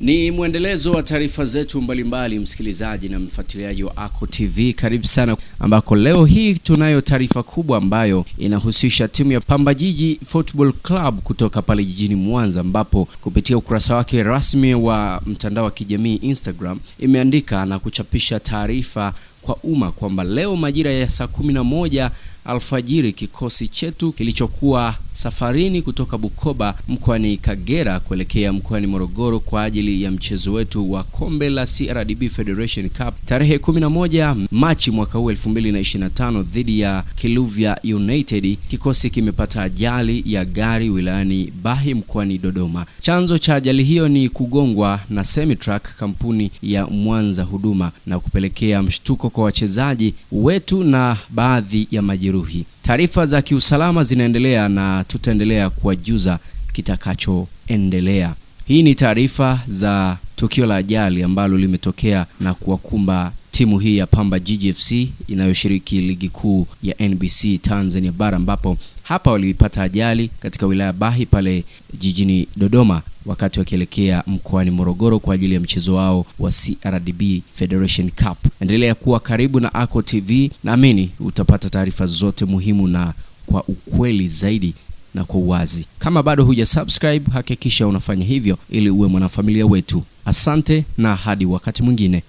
Ni mwendelezo wa taarifa zetu mbalimbali, msikilizaji na mfuatiliaji wa AKO TV, karibu sana, ambako leo hii tunayo taarifa kubwa ambayo inahusisha timu ya Pamba Jiji Football Club kutoka pale jijini Mwanza, ambapo kupitia ukurasa wake rasmi wa mtandao wa kijamii Instagram imeandika na kuchapisha taarifa kwa umma kwamba leo majira ya saa kumi na moja alfajiri kikosi chetu kilichokuwa safarini kutoka Bukoba mkoani Kagera kuelekea mkoani Morogoro kwa ajili ya mchezo wetu wa kombe la CRDB Federation Cup tarehe 11 Machi mwaka huu 2025 dhidi ya Kiluvya United. Kikosi kimepata ajali ya gari wilayani Bahi mkoani Dodoma. Chanzo cha ajali hiyo ni kugongwa na semi-truck kampuni ya Mwanza Huduma na kupelekea mshtuko kwa wachezaji wetu na baadhi ya majeruhi. Taarifa za kiusalama zinaendelea na tutaendelea kuwajuza kitakachoendelea. Hii ni taarifa za tukio la ajali ambalo limetokea na kuwakumba timu hii ya Pamba Jiji FC inayoshiriki ligi kuu ya NBC Tanzania Bara ambapo hapa walipata ajali katika wilaya Bahi pale jijini Dodoma wakati wakielekea mkoani Morogoro kwa ajili ya mchezo wao wa CRDB Federation Cup. Endelea kuwa karibu na Ako TV, naamini utapata taarifa zote muhimu na kwa ukweli zaidi na kwa uwazi. Kama bado huja subscribe, hakikisha unafanya hivyo ili uwe mwanafamilia wetu. Asante na hadi wakati mwingine.